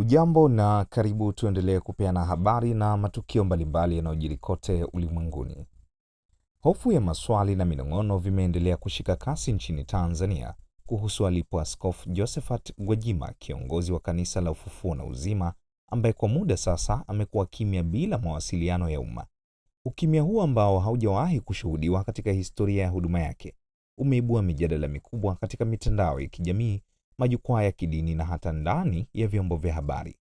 Hujambo na karibu tuendelee kupeana habari na matukio mbalimbali yanayojiri kote ulimwenguni. Hofu ya maswali na minong'ono vimeendelea kushika kasi nchini Tanzania kuhusu alipo Askofu Josephat Gwajima, kiongozi wa Kanisa la Ufufuo na Uzima, ambaye kwa muda sasa amekuwa kimya bila mawasiliano ya umma. Ukimya huu ambao haujawahi kushuhudiwa katika historia ya huduma yake umeibua mijadala mikubwa katika mitandao ya kijamii majukwaa ya kidini na hata ndani ya vyombo vya habari.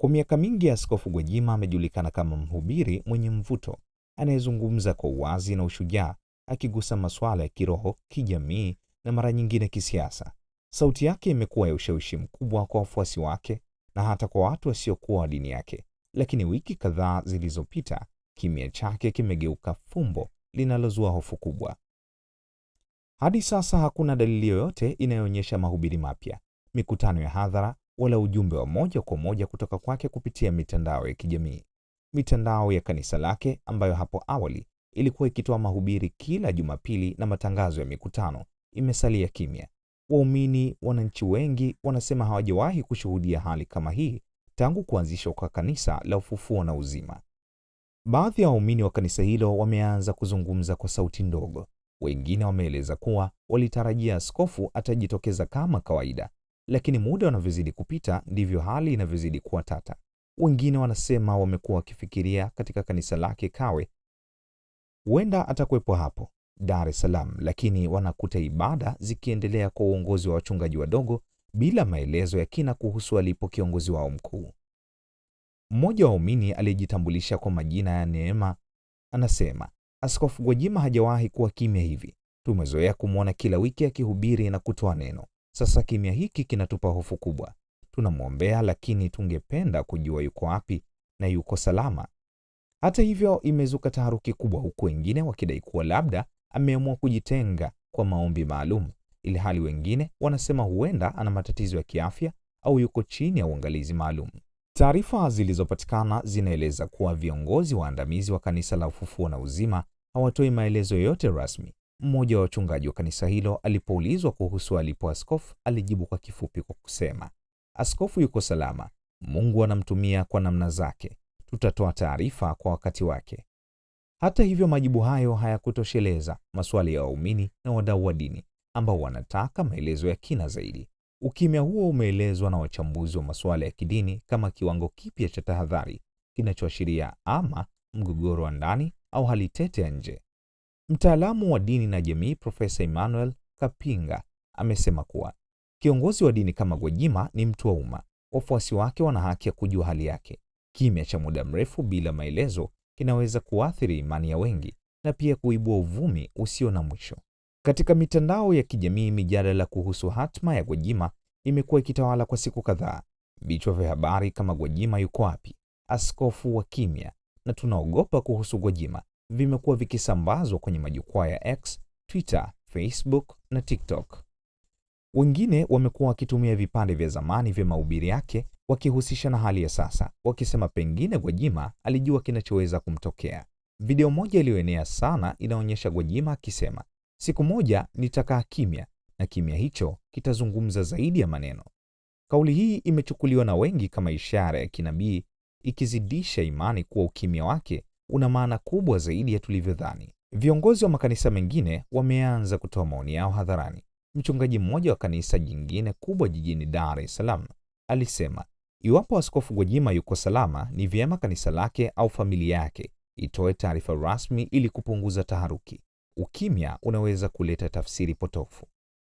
Kwa miaka mingi, Askofu Gwajima amejulikana kama mhubiri mwenye mvuto anayezungumza kwa uwazi na ushujaa, akigusa masuala ya kiroho, kijamii na mara nyingine kisiasa. Sauti yake imekuwa ya ushawishi mkubwa kwa wafuasi wake na hata kwa watu wasiokuwa wa dini yake. Lakini wiki kadhaa zilizopita, kimya chake kimegeuka fumbo linalozua hofu kubwa. Hadi sasa hakuna dalili yoyote inayoonyesha mahubiri mapya, mikutano ya hadhara wala ujumbe wa moja kwa moja kutoka kwake kupitia mitandao ya kijamii. Mitandao ya kanisa lake ambayo hapo awali ilikuwa ikitoa mahubiri kila Jumapili na matangazo ya mikutano imesalia kimya. Waumini, wananchi wengi wanasema hawajawahi kushuhudia hali kama hii tangu kuanzishwa kwa kanisa la Ufufuo na Uzima. Baadhi ya waumini wa kanisa hilo wameanza kuzungumza kwa sauti ndogo wengine wameeleza kuwa walitarajia askofu atajitokeza kama kawaida, lakini muda unavyozidi kupita ndivyo hali inavyozidi kuwa tata. Wengine wanasema wamekuwa wakifikiria katika kanisa lake Kawe, huenda atakuwepo hapo Dar es Salaam, lakini wanakuta ibada zikiendelea kwa uongozi wa wachungaji wadogo bila maelezo ya kina kuhusu alipo kiongozi wao mkuu. Mmoja wa waumini aliyejitambulisha kwa majina ya Neema anasema Askofu Gwajima hajawahi kuwa kimya hivi. Tumezoea kumwona kila wiki akihubiri na kutoa neno. Sasa kimya hiki kinatupa hofu kubwa. Tunamwombea, lakini tungependa kujua yuko wapi na yuko salama. Hata hivyo, imezuka taharuki kubwa, huku wengine wakidai kuwa labda ameamua kujitenga kwa maombi maalum, ili hali wengine wanasema huenda ana matatizo ya kiafya au yuko chini ya uangalizi maalum. Taarifa zilizopatikana zinaeleza kuwa viongozi waandamizi wa Kanisa la Ufufuo na Uzima hawatoi maelezo yote rasmi. Mmoja wa wachungaji wa kanisa hilo alipoulizwa kuhusu alipo askofu alijibu kwa kifupi kwa kusema, askofu yuko salama, Mungu anamtumia kwa namna zake, tutatoa taarifa kwa wakati wake. Hata hivyo, majibu hayo hayakutosheleza maswali ya waumini na wadau wa dini ambao wanataka maelezo ya kina zaidi. Ukimya huo umeelezwa na wachambuzi wa masuala ya kidini kama kiwango kipya cha tahadhari kinachoashiria ama mgogoro wa ndani au halitete nje. Mtaalamu wa dini na jamii Profesa Emmanuel Kapinga amesema kuwa kiongozi wa dini kama Gwajima ni mtu wa umma. Wafuasi wake wana haki ya kujua hali yake. Kimya cha muda mrefu bila maelezo kinaweza kuathiri imani ya wengi na pia kuibua uvumi usio na mwisho. Katika mitandao ya kijamii, mijadala kuhusu hatma ya Gwajima imekuwa ikitawala kwa siku kadhaa. Vichwa vya habari kama Gwajima yuko wapi, askofu wa kimya na tunaogopa kuhusu Gwajima vimekuwa vikisambazwa kwenye majukwaa ya X, Twitter, Facebook na TikTok. Wengine wamekuwa wakitumia vipande vya zamani vya mahubiri yake wakihusisha na hali ya sasa, wakisema pengine Gwajima alijua kinachoweza kumtokea. Video moja iliyoenea sana inaonyesha Gwajima akisema, siku moja nitakaa kimya na kimya hicho kitazungumza zaidi ya maneno. Kauli hii imechukuliwa na wengi kama ishara ya kinabii ikizidisha imani kuwa ukimya wake una maana kubwa zaidi ya tulivyodhani. Viongozi wa makanisa mengine wameanza kutoa maoni yao hadharani. Mchungaji mmoja wa kanisa jingine kubwa jijini Dar es Salaam alisema iwapo Askofu Gwajima yuko salama, ni vyema kanisa lake au familia yake itoe taarifa rasmi ili kupunguza taharuki. Ukimya unaweza kuleta tafsiri potofu.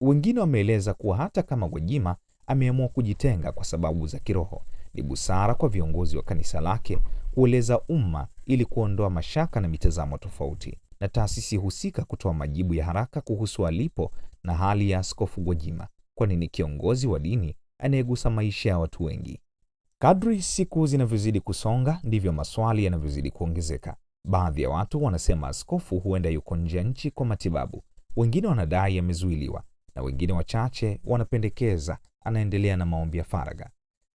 Wengine wameeleza kuwa hata kama Gwajima ameamua kujitenga kwa sababu za kiroho, ni busara kwa viongozi wa kanisa lake kueleza umma ili kuondoa mashaka na mitazamo tofauti, na taasisi husika kutoa majibu ya haraka kuhusu alipo na hali ya Askofu Gwajima, kwani ni kiongozi wa dini anayegusa maisha ya watu wengi. Kadri siku zinavyozidi kusonga, ndivyo maswali yanavyozidi kuongezeka. Baadhi ya watu wanasema askofu huenda yuko nje ya nchi kwa matibabu, wengine wanadai amezuiliwa, na wengine wachache wanapendekeza anaendelea na maombi ya faragha.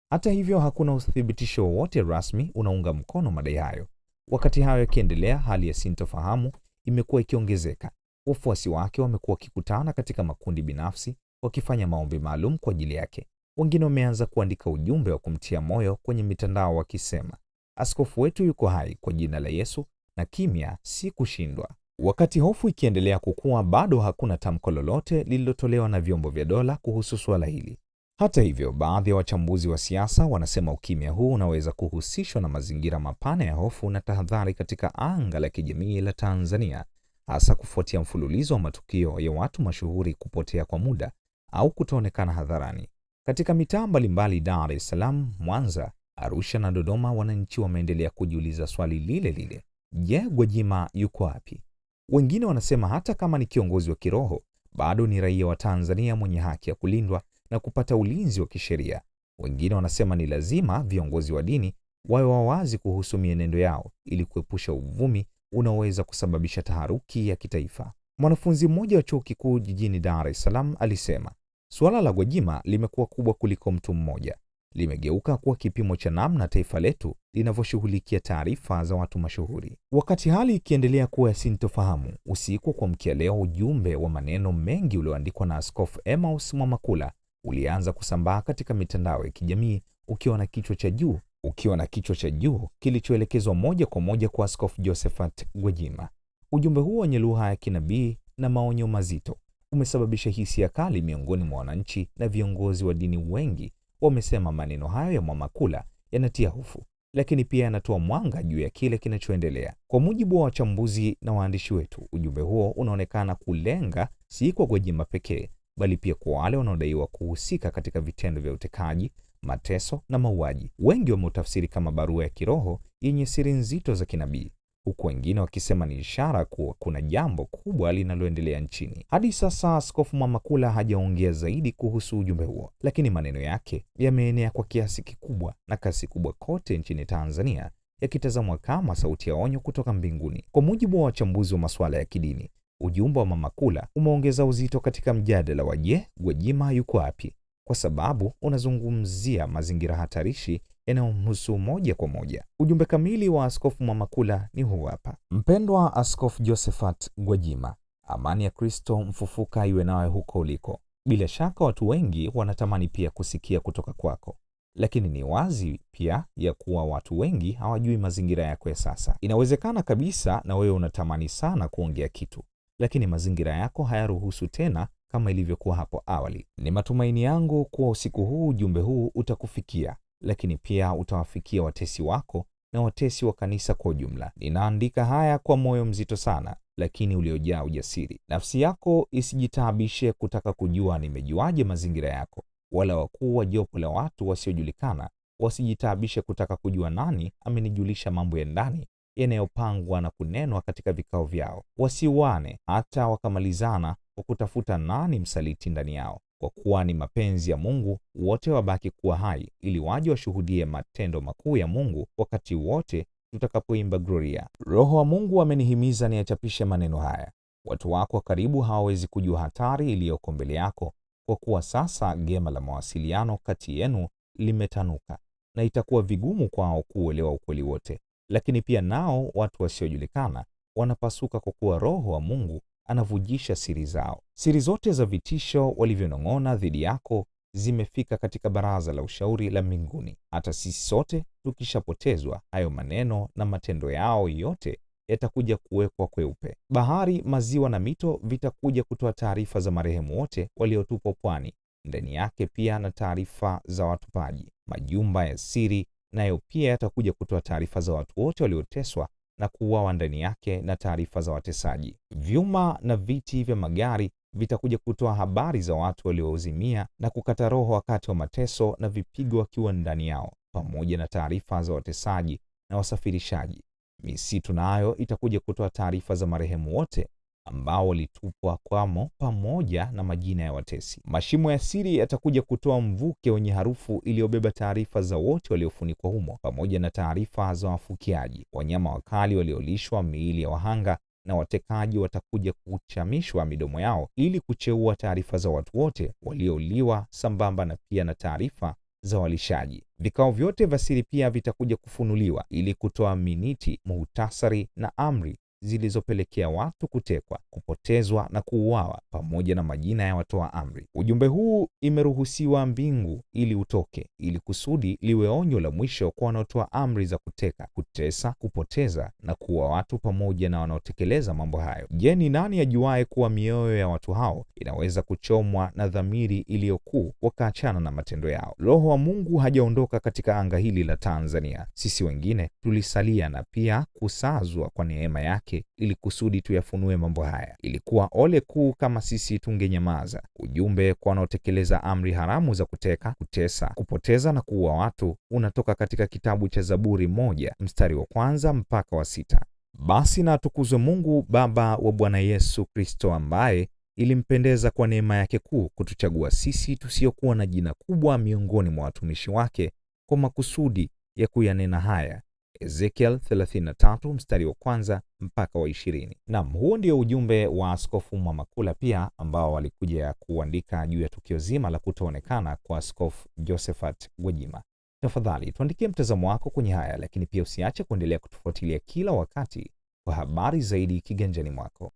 Hata hivyo, hakuna uthibitisho wowote rasmi unaunga mkono madai hayo. Wakati hayo yakiendelea, hali ya sintofahamu imekuwa ikiongezeka. Wafuasi wake wamekuwa wakikutana katika makundi binafsi, wakifanya maombi maalum kwa ajili yake. Wengine wameanza kuandika ujumbe wa kumtia moyo kwenye mitandao wakisema, askofu wetu yuko hai kwa jina la Yesu, na kimya si kushindwa. Wakati hofu ikiendelea kukua, bado hakuna tamko lolote lililotolewa na vyombo vya dola kuhusu suala hili. Hata hivyo, baadhi ya wachambuzi wa siasa wanasema ukimya huu unaweza kuhusishwa na mazingira mapana ya hofu na tahadhari katika anga la kijamii la Tanzania, hasa kufuatia mfululizo wa matukio ya watu mashuhuri kupotea kwa muda au kutoonekana hadharani. Katika mitaa mbalimbali Dar es Salaam, Mwanza, Arusha na Dodoma, wananchi wameendelea kujiuliza swali lile lile: Je, Gwajima yuko wapi? Wengine wanasema hata kama ni kiongozi wa kiroho, bado ni raia wa Tanzania mwenye haki ya kulindwa na kupata ulinzi wa kisheria. Wengine wanasema ni lazima viongozi wa dini wawe wawazi kuhusu mienendo yao ili kuepusha uvumi unaoweza kusababisha taharuki ya kitaifa. Mwanafunzi mmoja wa chuo kikuu jijini Dar es Salaam alisema suala la Gwajima limekuwa kubwa kuliko mtu mmoja, limegeuka kuwa kipimo cha namna taifa letu linavyoshughulikia taarifa za watu mashuhuri. Wakati hali ikiendelea kuwa ya sintofahamu, usiku kwa mkia leo, ujumbe wa maneno mengi ulioandikwa na Askofu Emmaus Mwamakula ulianza kusambaa katika mitandao ya kijamii ukiwa na kichwa cha juu ukiwa na kichwa cha juu kilichoelekezwa moja kwa moja kwa Askofu Josephat Gwajima. Ujumbe huo wenye lugha ya kinabii na maonyo mazito umesababisha hisia kali miongoni mwa wananchi, na viongozi wa dini wengi wamesema maneno hayo ya Mama Kula yanatia hofu, lakini pia yanatoa mwanga juu ya kile kinachoendelea. Kwa mujibu wa wachambuzi na waandishi wetu, ujumbe huo unaonekana kulenga si kwa Gwajima pekee, bali pia kwa wale wanaodaiwa kuhusika katika vitendo vya utekaji, mateso na mauaji. Wengi wameutafsiri kama barua ya kiroho yenye siri nzito za kinabii, huku wengine wakisema ni ishara kuwa kuna jambo kubwa linaloendelea nchini. Hadi sasa Askofu Mwamakula hajaongea zaidi kuhusu ujumbe huo, lakini maneno yake yameenea kwa kiasi kikubwa na kasi kubwa kote nchini Tanzania, yakitazamwa kama sauti ya onyo kutoka mbinguni. Kwa mujibu wa wachambuzi wa masuala ya kidini, Ujumbe wa Mama Kula umeongeza uzito katika mjadala wa je, Gwajima yuko wapi, kwa sababu unazungumzia mazingira hatarishi yanayomhusu moja kwa moja. Ujumbe kamili wa Askofu Kula ni huu hapa: mpendwa Askofu Josephat Gwajima, amani ya Kristo mfufuka iwe nawe huko uliko. Bila shaka watu wengi wanatamani pia kusikia kutoka kwako, lakini ni wazi pia ya kuwa watu wengi hawajui mazingira yako ya sasa. Inawezekana kabisa na wewe unatamani sana kuongea kitu, lakini mazingira yako hayaruhusu tena kama ilivyokuwa hapo awali. Ni matumaini yangu kuwa usiku huu ujumbe huu utakufikia, lakini pia utawafikia watesi wako na watesi wa kanisa kwa ujumla. Ninaandika haya kwa moyo mzito sana, lakini uliojaa ujasiri. Nafsi yako isijitaabishe kutaka kujua nimejuaje mazingira yako, wala wakuu wa jopo la watu wasiojulikana wasijitaabishe kutaka kujua nani amenijulisha mambo ya ndani yanayopangwa na kunenwa katika vikao vyao. Wasiuane hata wakamalizana kwa kutafuta nani msaliti ndani yao, kwa kuwa ni mapenzi ya Mungu wote wabaki kuwa hai, ili waje washuhudie matendo makuu ya Mungu wakati wote tutakapoimba Gloria. Roho wa Mungu amenihimiza niyachapishe maneno haya. Watu wako wa karibu hawawezi kujua hatari iliyoko mbele yako, kwa kuwa sasa gema la mawasiliano kati yenu limetanuka na itakuwa vigumu kwao kuuelewa ukweli wote lakini pia nao watu wasiojulikana wanapasuka kwa kuwa Roho wa Mungu anavujisha siri zao. Siri zote za vitisho walivyonong'ona dhidi yako zimefika katika baraza la ushauri la mbinguni. Hata sisi sote tukishapotezwa, hayo maneno na matendo yao yote yatakuja kuwekwa kweupe. Bahari, maziwa na mito vitakuja kutoa taarifa za marehemu wote waliotupwa pwani, ndani yake pia na taarifa za watupaji. Majumba ya siri nayo pia yatakuja kutoa taarifa za watu wote walioteswa na kuuawa ndani yake na taarifa za watesaji. Vyuma na viti vya magari vitakuja kutoa habari za watu waliouzimia na kukata roho wakati wa mateso na vipigo wakiwa ndani yao, pamoja na taarifa za watesaji na wasafirishaji. Misitu nayo itakuja kutoa taarifa za marehemu wote ambao walitupwa kwamo pamoja na majina ya watesi. Mashimo ya siri yatakuja kutoa mvuke wenye harufu iliyobeba taarifa za wote waliofunikwa humo, pamoja na taarifa za wafukiaji, wanyama wakali waliolishwa miili ya wahanga na watekaji watakuja kuchamishwa midomo yao ili kucheua taarifa za watu wote waliouliwa, sambamba na pia na taarifa za walishaji. Vikao vyote vya siri pia vitakuja kufunuliwa ili kutoa miniti, muhtasari na amri zilizopelekea watu kutekwa, kupotezwa na kuuawa, pamoja na majina ya watoa amri. Ujumbe huu imeruhusiwa mbingu ili utoke, ili kusudi liwe onyo la mwisho kwa wanaotoa amri za kuteka, kutesa, kupoteza na kuua watu, pamoja na wanaotekeleza mambo hayo. Je, ni nani ajuaye kuwa mioyo ya watu hao inaweza kuchomwa na dhamiri iliyokuu, wakaachana na matendo yao? Roho wa Mungu hajaondoka katika anga hili la Tanzania, sisi wengine tulisalia na pia kusazwa kwa neema yake yake ili kusudi tuyafunue mambo haya. Ilikuwa ole kuu kama sisi tungenyamaza. Ujumbe kwa wanaotekeleza amri haramu za kuteka, kutesa, kupoteza na kuua watu unatoka katika kitabu cha Zaburi moja mstari wa kwanza mpaka wa sita. Basi na atukuzwe Mungu Baba wa Bwana Yesu Kristo ambaye ilimpendeza kwa neema yake kuu kutuchagua sisi tusiokuwa na jina kubwa miongoni mwa watumishi wake kwa makusudi ya kuyanena haya Ezekiel 33 mstari wa kwanza mpaka wa ishirini. Naam, huo ndio ujumbe wa Askofu Mwamakula pia ambao walikuja kuandika juu ya tukio zima la kutoonekana kwa Askofu Josephat Gwajima. Tafadhali tuandikie mtazamo wako kwenye haya, lakini pia usiache kuendelea kutufuatilia kila wakati kwa habari zaidi kiganjani mwako.